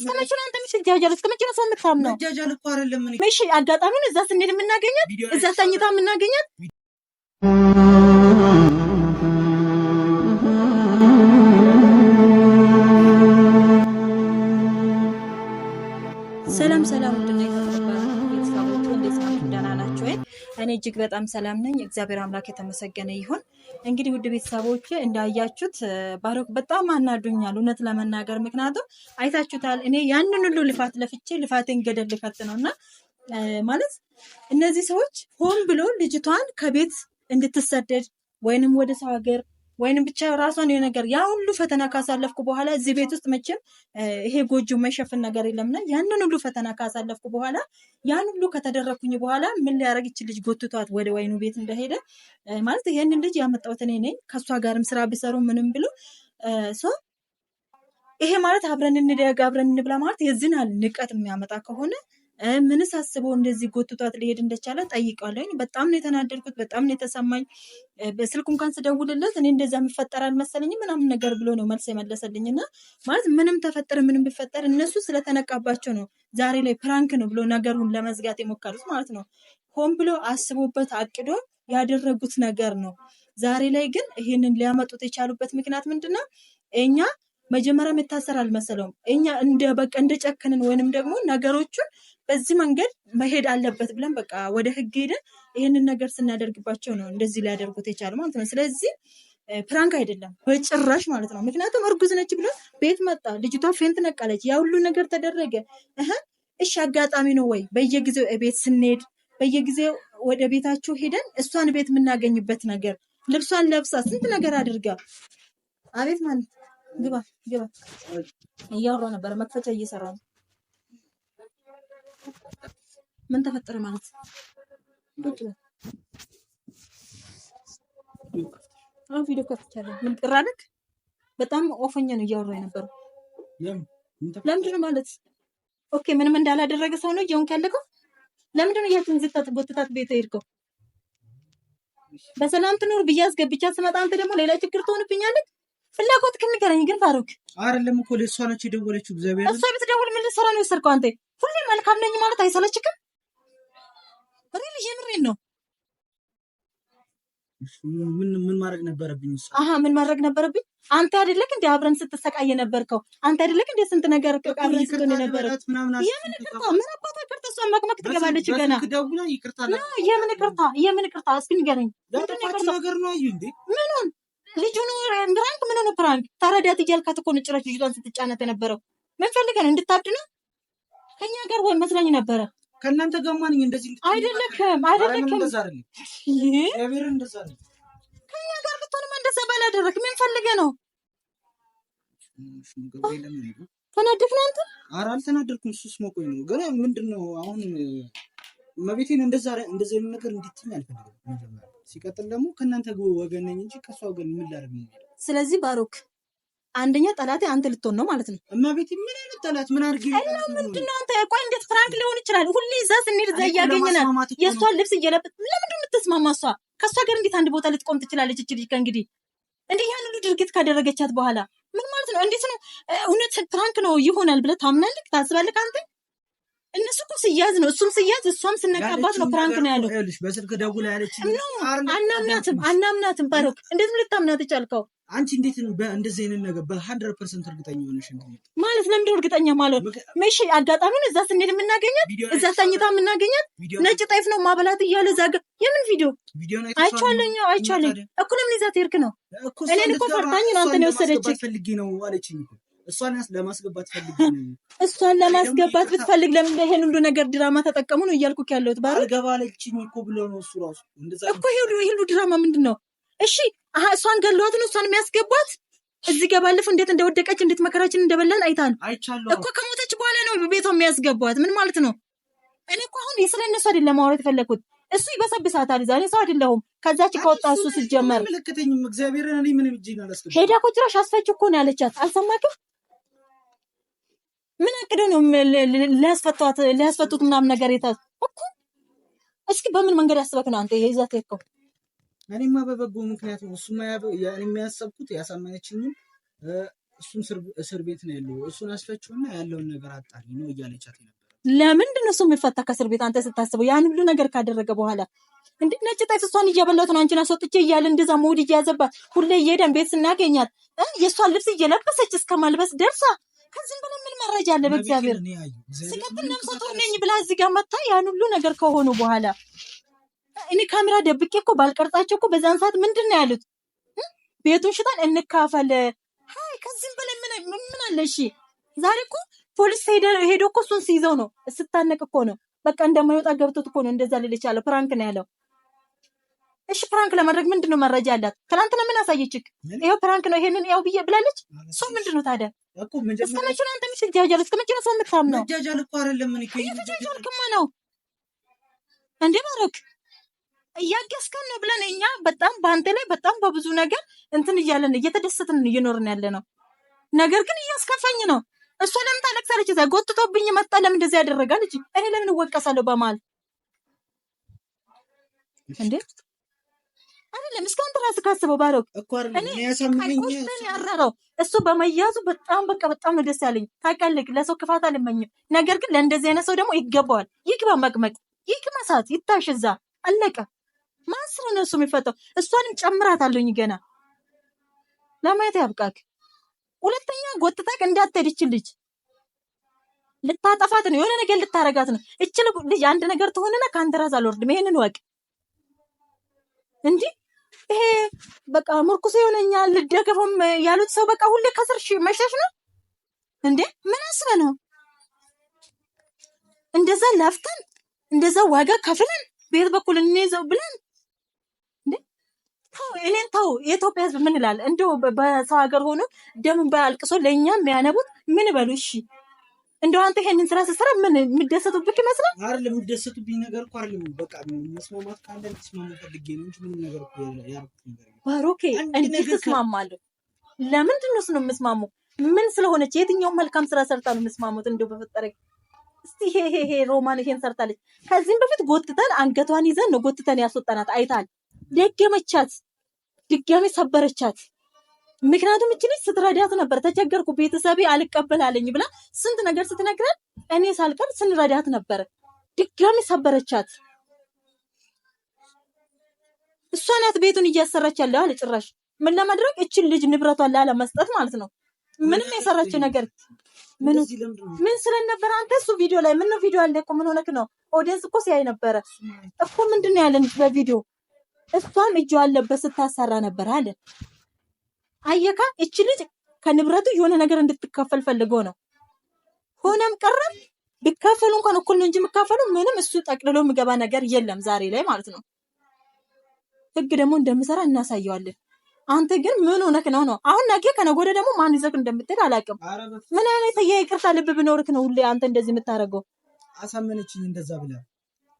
እስከ መቼ ነው አንተ የምትጃጃለው? እስከ መቼ ነው ሰው የምታምነው? እሺ አጋጣሚውን እዛ ስንሄድ የምናገኛት እዛ ተኝታ የምናገኛት ሰላም ሰላም እኔ እጅግ በጣም ሰላም ነኝ። እግዚአብሔር አምላክ የተመሰገነ ይሁን። እንግዲህ ውድ ቤተሰቦች እንዳያችሁት ባሮክ በጣም አናዱኛል፣ እውነት ለመናገር ምክንያቱም አይታችሁታል። እኔ ያንን ሁሉ ልፋት ለፍቼ ልፋቴን ገደል ልከት ነው እና ማለት እነዚህ ሰዎች ሆን ብሎ ልጅቷን ከቤት እንድትሰደድ ወይንም ወደ ሰው ሀገር ወይንም ብቻ ራሷን ነገር ያ ሁሉ ፈተና ካሳለፍኩ በኋላ እዚህ ቤት ውስጥ መቼም ይሄ ጎጆ መሸፍን ነገር የለምና ያንን ሁሉ ፈተና ካሳለፍኩ በኋላ ያን ሁሉ ከተደረግኩኝ በኋላ ምን ሊያደርግ ልጅ ጎትቷት ወደ ወይኑ ቤት እንደሄደ ማለት ይሄንን ልጅ ያመጣሁት እኔ ነኝ። ከእሷ ጋርም ስራ ቢሰሩ ምንም ብሎ ሶ ይሄ ማለት አብረን እንደግ አብረን እንብላ ማለት የዚህን ያህል ንቀት የሚያመጣ ከሆነ ምንስ አስበው እንደዚህ ጎትቷት ሊሄድ እንደቻለ ጠይቀዋለኝ። በጣም ነው የተናደድኩት፣ በጣም ነው የተሰማኝ። በስልኩ እንኳን ስደውልለት እኔ እንደዛ የምፈጠር አልመሰለኝ ምናምን ነገር ብሎ ነው መልስ የመለሰልኝ። እና ማለት ምንም ተፈጠረ ምንም ቢፈጠር እነሱ ስለተነቃባቸው ነው ዛሬ ላይ ፕራንክ ነው ብሎ ነገሩን ለመዝጋት የሞከሩት ማለት ነው። ሆን ብሎ አስቦበት አቅዶ ያደረጉት ነገር ነው። ዛሬ ላይ ግን ይህንን ሊያመጡት የቻሉበት ምክንያት ምንድን ነው? እኛ መጀመሪያ የምታሰር አልመሰለውም። እኛ እንደ በቃ ጨከንን ወይንም ደግሞ ነገሮቹን በዚህ መንገድ መሄድ አለበት ብለን በቃ ወደ ህግ ሄደን ይህንን ነገር ስናደርግባቸው ነው እንደዚህ ሊያደርጉት የቻለ ማለት ነው። ስለዚህ ፕራንክ አይደለም በጭራሽ ማለት ነው። ምክንያቱም እርጉዝ ነች ብሎ ቤት መጣ፣ ልጅቷ ፌንት ነቃለች፣ ያ ሁሉ ነገር ተደረገ። እሺ አጋጣሚ ነው ወይ በየጊዜው ቤት ስንሄድ በየጊዜው ወደ ቤታቸው ሄደን እሷን ቤት የምናገኝበት ነገር ልብሷን ለብሳ ስንት ነገር አድርጋ አቤት ማለት ግባ ግባ። እያወራሁ ነበረ፣ መክፈቻ እየሰራ ነው። ምን ተፈጠረ ማለት አሁን ቪዲዮ ከፍቻለሁ። ምን ቅር አለክ? በጣም ኦፈኛ ነው እያወራ የነበረው። ለምንድን ነው ማለት ኦኬ፣ ምንም እንዳላደረገ ሰው ነው እየሆንክ ያለከው። ለምንድን ነው ያችን ዝታት ጎትታት ቤት ሄድከው? በሰላም ትኖር ብዬ አስገብቻት ስመጣ አንተ ደግሞ ሌላ ችግር ትሆንብኛለች። ፍላጎት ክንገረኝ ግን ባሩክ አይደለም እኮ ለእሷ ነች የደወለችው። እግዚአብሔር እሷ ብትደውል ምን ልትሰራ ነው የወሰድከው አንተ? ሁሌ መልካም ነኝ ማለት አይሰለችክም? ሪል የምሬን ነው። ምን ምን ማድረግ ነበረብኝ? አሀ ምን ማድረግ ነበረብኝ? አንተ አይደለክ እንዴ አብረን ስትሰቃይ ነበርከው? አንተ አይደለክ እንዴ ስንት ነገር አብረን ስትሆን የነበረው? የምን ይቅርታ? ምን አባቷ ይቅርታ? እሷ መቅመቅ ትገባለች ገና። የምን ይቅርታ? የምን ይቅርታ? እስኪ ንገረኝ። ምንድን ነው ነገር ነው አዩ እንዴ ምኑን ፍራንክ ታረዳት እያልካት እኮ ንጭራች ልጅቷን ስትጫናት የነበረው ምን ፈልገን እንድታብድና ከኛ ጋር ወይ መስለኝ ነበረ። ከእናንተ ጋር ማንኝ እንደዚህ አይደለክም፣ አይደለክም። ከኛ ጋር ብትሆንም እንደዛ ባላደረግ ምን ፈልገ ነው? ተናደፍና ናንተ ኧረ አልተናደድኩም። ሱስ መቆይ ነው ግን ምንድን ነው አሁን መቤቴን እንደዛ እንደዚህ ነገር እንድትይኝ አልፈልግም። ሲቀጥል ደግሞ ከእናንተ ወገን ነኝ እንጂ ከእሷ ወገን ምን ላደርግ ነው ስለዚህ ባሮክ አንደኛ ጠላቴ አንተ ልትሆን ነው ማለት ነው። እማቤቴ ምን አይነት ጠላት ምን አድርጌ እና ምንድን ነው አንተ? ቆይ እንዴት ፍራንክ ሊሆን ይችላል? ሁሌ እዛ ስንሄድ እዛ እያገኘናል። የእሷን ልብስ እየለበጥ ለምንድን ነው የምትስማማ? እሷ ከእሷ ጋር እንዴት አንድ ቦታ ልትቆም ትችላለች? እች ልጅ ከእንግዲህ እንዲህ ያን ሁሉ ድርጊት ካደረገቻት በኋላ ምን ማለት ነው? እንዴት ነው እውነት ፍራንክ ነው ይሆናል ብለህ ታምናለህ? ታስባለህ አንተ እነሱ እኮ ስያዝ ነው እሱም ስያዝ እሷም ስነቃባት ነው። ፕራንክ ነው ያለው። በስልክ ደውላ ያለች አናምናትም፣ አናምናትም። ባሮክ እንዴት ልታምናት ቻልከው? አንቺ እንዴት እንደዚህ አይነት ነገር በሀንድረድ ፐርሰንት እርግጠኛ ሆነሽ ማለት ለምንድን እርግጠኛ ማለት መሽ አጋጣሚን እዛ ስንሄድ የምናገኛት እዛ ተኝታ የምናገኛት ነጭ ጤፍ ነው ማበላት እያለ ዛጋ የምን ቪዲዮ አይቻለኝ አይቻለኝ እኮ ለምን ይዛት ሄድክ ነው እኔን እኮ ፈርታኝ ነው አንተን የወሰደች ፈልጌ ነው አለችኝ እኮ እሷን ለማስገባት ፈልግ እሷን ለማስገባት ብትፈልግ ለምን ይሄን ሁሉ ነገር ድራማ ተጠቀሙ ነው እያልኩ ያለሁት። ባ ባልገባለችኝ እኮ ብሎ ነው እሱ ራሱ እኮ ይሄ ሁሉ ድራማ ምንድን ነው? እሺ እሷን ገለዋት ነው እሷን የሚያስገባት እዚህ ገባለፈው እንዴት እንደወደቀች እንዴት መከራችን እንደበላን አይታል እኮ። ከሞተች በኋላ ነው ቤቷ የሚያስገቧት። ምን ማለት ነው? እኔ እኮ አሁን ስለ እነሱ አይደለም ማውራት የፈለግኩት። እሱ ይበሰብሳታል። ዛ ሰው አይደለሁም። ከዛች ከወጣ እሱ ስጀመር ሄዳ ኮ ጭራሽ አስፈች እኮ ነው ያለቻት። አልሰማክም ሄዶ ነው ሊያስፈቱት ምናምን ነገር የታ እኮ እስኪ በምን መንገድ ያስበክ ነው አንተ ይዛት ሄድከው? እኔማ በበጎ ምክንያት ነው እሱማ የሚያሰብኩት ያሳመነችኝም እሱም እስር ቤት ነው ያለው እሱን አስፈችውና ያለውን ነገር አጣሪ ነው እያለቻት ነበር። ለምንድን ነው እሱ የሚፈታ ከእስር ቤት አንተ ስታስበው? ያን ሁሉ ነገር ካደረገ በኋላ እንዴት ነጭ ጤፍ እሷን እየበላት ነው አንቺን አስወጥቼ እያለ እንደዛ መውድ እያዘባት ሁሌ እየሄደን ቤት ስናገኛት የእሷን ልብስ እየለበሰች እስከ ማልበስ ደርሳ ከዚህም በላይ ምን መረጃ አለ? በእግዚአብሔር ስቀጥል ነፍሰ ነኝ ብላ እዚህ ጋር መታ ያን ሁሉ ነገር ከሆኑ በኋላ እኔ ካሜራ ደብቄ እኮ ባልቀርጻቸው እኮ በዛን ሰዓት ምንድን ነው ያሉት? ቤቱን ሽጣን እንካፈል። ሀይ ከዚህም በላይ ምን አለ? እሺ ዛሬ እኮ ፖሊስ ሄዶ እኮ እሱን ሲይዘው ነው ስታነቅ እኮ ነው በቃ እንደማይወጣ ገብቶት እኮ ነው እንደዛ ልልቻለሁ። ይቻለ ፕራንክ ነው ያለው። እሺ ፕራንክ ለማድረግ ምንድን ነው መረጃ አላት። ትናንትና ምን አሳየችክ? ይኸው ፕራንክ ነው ይሄንን ያው ብዬ ብላለች። እሱ ምንድን ነው ታዲያ እስከ መቼ ነው አንተ የምትጃጃል? እስከ መቼ ነው ሰው የምታምነው? እየተጃጃልክማ ነው እንዴ ማረክ እያገዝከን ነው ብለን እኛ በጣም በአንተ ላይ በጣም በብዙ ነገር እንትን እያለን እየተደሰትን እየኖርን ያለ ነው። ነገር ግን እያስከፈኝ ነው። እሷ ለምን ታለቅሳለች? ጎትቶብኝ መጣ። ለምን እንደዚህ ያደረጋል? እኔ ለምን እወቀሳለሁ በማል እንዴ አይደለም እስካሁን ድረስ ካስበው ባለው ቁስን ያረረው እሱ በመያዙ በጣም በቃ በጣም ነው ደስ ያለኝ። ታውቂያለሽ፣ ለሰው ክፋት አልመኝም። ነገር ግን ለእንደዚህ አይነት ሰው ደግሞ ይገባዋል። ይግባ መቅመቅ፣ ይግባ እሳት፣ ይታሽ እዛ አለቀ። ማን ነው እሱ የሚፈታው እሷንም ጨምራት አለኝ። ገና ለማየት ያብቃክ። ሁለተኛ ጎትታክ እንዳትሄድ ልጅ ልታጠፋት ነው፣ የሆነ ነገር ልታረጋት ነው። እችል ልጅ አንድ ነገር ትሆንና ከአንተ ራስ አልወርድም። ይሄንን ወቅ እንዲህ ይሄ በቃ ምርኩሴ የሆነኛል ልደገፈም ያሉት ሰው በቃ ሁሌ ከስር መሸሽ ነው እንዴ? ምን አስበ ነው እንደዛ ላፍተን እንደዛ ዋጋ ከፍለን ቤት በኩል እንይዘው ብለን እኔን ተው። የኢትዮጵያ ሕዝብ ምን ይላል? እንደው በሰው ሀገር ሆኖ ደም በአልቅሶ አልቅሶ ለእኛ የሚያነቡት ምን በሉ እሺ። እንደው አንተ ይሄንን ስራ ስትሰራ ምን የምደሰቱብህ ይመስላል? አይደለም የምደሰቱብኝ ነገር እኮ አይደለም። በቃ መስማማት ካለ እንድትስማሙ ፈልጌ ነው እንጂ ምንም ነገር እኮ ያልኩት ነገር ባሮኬ፣ እንዴት ትስማማለህ? ለምንድን ነው ነው የምስማሙ? ምን ስለሆነች የትኛውም መልካም ስራ ሰርታ ነው የምስማሙት? እንደው በፈጠረ እስቲ ይሄ ይሄ ይሄ ሮማን ይሄን ሰርታለች። ከዚህም በፊት ጎትተን አንገቷን ይዘን ነው ጎትተን ያስወጣናት። አይታል ደገመቻት፣ ድጋሜ ሰበረቻት። ምክንያቱም እች ልጅ ስትረዳት ነበር። ተቸገርኩ፣ ቤተሰቤ አልቀበላለኝ ብላ ስንት ነገር ስትነግረን እኔ ሳልቀር ስንረዳት ነበር። ድጋሚ ሰበረቻት። እሷ ናት ቤቱን እያሰራች ያለው አለ። ጭራሽ ምን ለማድረግ እችን ልጅ ንብረቷን ለመስጠት ማለት ነው። ምንም የሰራችው ነገር ምን ስለነበረ አንተ እሱ ቪዲዮ ላይ ምነው ቪዲዮ አለ እኮ ምን ሆነክ ነው? ኦዲየንስ እኮ ሲያይ ነበረ እኮ ምንድን ነው ያለን በቪዲዮ እሷም እጇ አለበት ስታሰራ ነበር አለን አየካ እች ልጅ ከንብረቱ የሆነ ነገር እንድትካፈል ፈልጎ ነው። ሆነም ቀረም ቢካፈሉ እንኳን እኩል ነው እንጂ የሚካፈሉ ምንም እሱ ጠቅልሎ የሚገባ ነገር የለም ዛሬ ላይ ማለት ነው። ህግ ደግሞ እንደምሰራ እናሳየዋለን። አንተ ግን ምን ሆነክ ነው ነው? አሁን ነገ ከነገ ወዲያ ደግሞ ማን ይዘክ እንደምትል አላውቅም። ምን አይነት የይቅርታ ልብ ብኖርክ ነው ሁሌ አንተ እንደዚህ የምታደርገው? አሳመነችኝ እንደዛ ብለ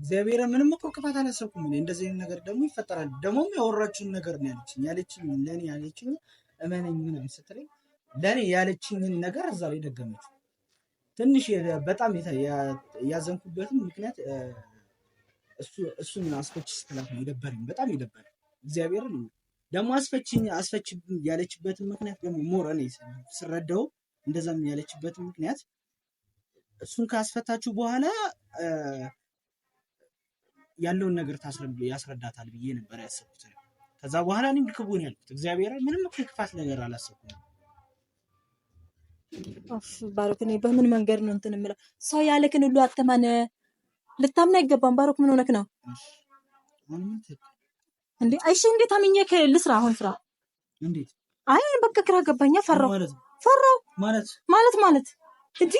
እግዚአብሔር ምንም እኮ ክፋት አላሰብኩም። እንደዚህ ነገር ደግሞ ይፈጠራል። ደግሞ ያወራችሁን ነገር ነው ያለችኝ ያለችኝ ለእኔ ያለችኝ እመነኝ ምንም ስትለኝ ለእኔ ያለችኝን ነገር እዛ ላይ ደገመችው። ትንሽ በጣም ያዘንኩበትም ምክንያት እሱን አስፈች ስትላት ነው የደበረኝ። በጣም የደበረኝ እግዚአብሔር ደግሞ አስፈቺኝ አስፈች ያለችበትን ምክንያት ደግሞ ሞር እኔ ስረዳው እንደዛም ያለችበትን ምክንያት እሱን ካስፈታችሁ በኋላ ያለውን ነገር ያስረዳታል ብዬ ነበር ያሰብኩት። ከዛ በኋላ እኔም ልክቡን ያልኩት እግዚአብሔር ምንም እኮ የክፋት ነገር አላሰብኩም። ባሮክ እኔ በምን መንገድ ነው እንትን የምለው? ሰው ያለክን ሁሉ አተማነ ልታምን አይገባም። ባሮክ ምን ሆነክ ነው እንዴ? እሺ እንዴት አምኜክ ልስራ? አሁን ስራ እንዴት? አይ በቃ ግራ ገባኛ። ፈራው ፈራው ማለት ማለት ማለት እንዴ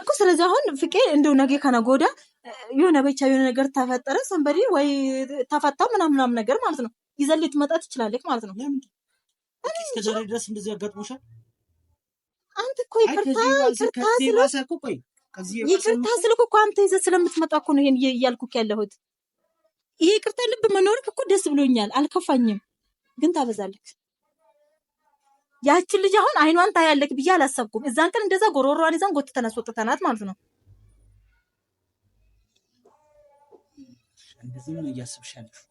እኮ ስለዚህ አሁን ፍቄ እንደው ነገ ከነገ ወዲያ የሆነ ብቻ የሆነ ነገር ተፈጠረ ሰንበዴ ወይ ተፈታ ምናምናም ነገር ማለት ነው ይዘን ልትመጣ ትችላለች ማለት ነው። እስከዛሬ ድረስ እንደዚህ ያጋጥሞሻል? አንተ እኮ ይቅርታ ስልክ እኮ አንተ ይዘህ ስለምትመጣ እኮ ነው ይሄን እያልኩህ ያለሁት። ይሄ ይቅርታ ልብ መኖርክ እኮ ደስ ብሎኛል፣ አልከፋኝም። ግን ታበዛለች። ያችን ልጅ አሁን አይኗን ታያለክ ብዬ አላሰብኩም። እዛን ቀን እንደዛ ጎሮሯን ይዛን ጎትተን አስወጥተናት ማለት ነው። እንደዚህ ነው እያስብሽ ያለሽው።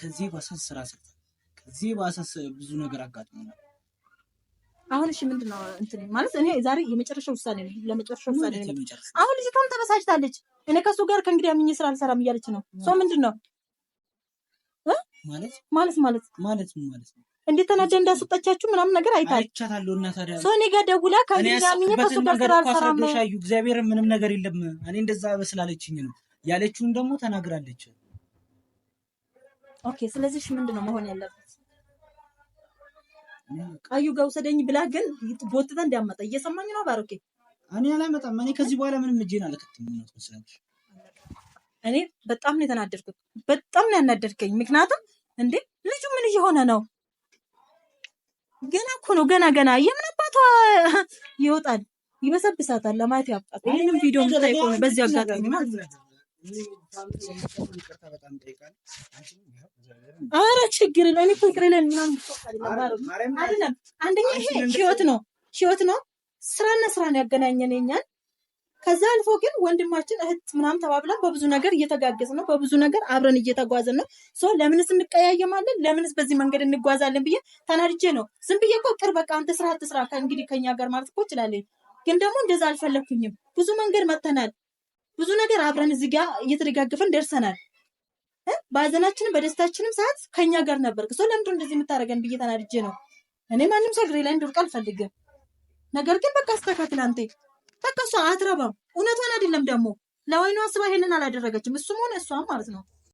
ከዚህ ባሰስ ስራ ሰርተ ከዚህ ባሰስ ብዙ ነገር አጋጥሞናል። አሁን እሺ ምንድን ነው እንትን ማለት እኔ ዛሬ የመጨረሻ ውሳኔ ነው፣ ለመጨረሻ ውሳኔ ነው። አሁን ልጅቷም ተበሳጭታለች። እኔ ከሱ ጋር ከእንግዲህ አምኜ ስራ አልሰራም እያለች ነው። ሰው ምንድን ነው ማለት ማለት ማለት ማለት ማለት እንዴት ተናደ እንዳስወጣቻችሁ ምናምን ነገር አይታል አይቻታለሁ። እና ታዲያ ሰው እኔ ጋር ደውላ ከእንግዲህ አምኜ ከሱ ጋር ስራ አልሰራም። እግዚአብሔር ምንም ነገር የለም። እኔ እንደዛ በስላለችኝ ነው ያለችውን ደግሞ ተናግራለች። ኦኬ፣ ስለዚህ ምንድን ነው መሆን ያለበት? ቀዩ ጋር ውሰደኝ ብላ ግን ቦትተ እንዲያመጣ እየሰማኝ ነው ባሮኬ። እኔ አላመጣም። እኔ ከዚህ በኋላ ምንም እጄን አልከትም። እኔ በጣም ነው የተናደድኩት። በጣም ነው ያናደድከኝ። ምክንያቱም እንዴ ልጁ ምን እየሆነ ነው? ገና እኮ ነው ገና ገና የምን አባቷ ይወጣል፣ ይበሰብሳታል። ለማየት ያብቃት። ይህንም ቪዲዮ ምታይ በዚህ አጋጣሚ ማለት ነው አረ ችግር ነው። እኔ እኮ ይቅር ምናምን አይደለም። አንደኛ ይሄ ህይወት ነው ህይወት ነው። ስራና ስራ ነው ያገናኘን የኛን። ከዛ አልፎ ግን ወንድማችን እህት ምናምን ተባብለን በብዙ ነገር እየተጋገዝን ነው፣ በብዙ ነገር አብረን እየተጓዝን ነው። ሶ ለምንስ እንቀያየማለን? ለምንስ በዚህ መንገድ እንጓዛለን ብዬ ተናድጄ ነው ዝም ብዬ እኮ ቅር በቃ አንተ ስራ አትስራ ከእንግዲህ ከኛ ጋር ማለት እኮ እችላለሁ። ግን ደግሞ እንደዛ አልፈለግኩኝም። ብዙ መንገድ መተናል ብዙ ነገር አብረን እዚህ ጋ እየተደጋገፈን ደርሰናል። በሀዘናችንም በደስታችንም ሰዓት ከኛ ጋር ነበር። ሰው ለምድ እንደዚህ የምታደርገን ብዬ ተናድጄ ነው። እኔ ማንም ሰው እግሬ ላይ እንዲወድቅ አልፈልግም። ነገር ግን በቃ አስተካክል አንቴ በቃ እሷ አትረባም። እውነቷን አይደለም ደግሞ ለወይኑ አስባ ይሄንን አላደረገችም። እሱም ሆነ እሷም ማለት ነው።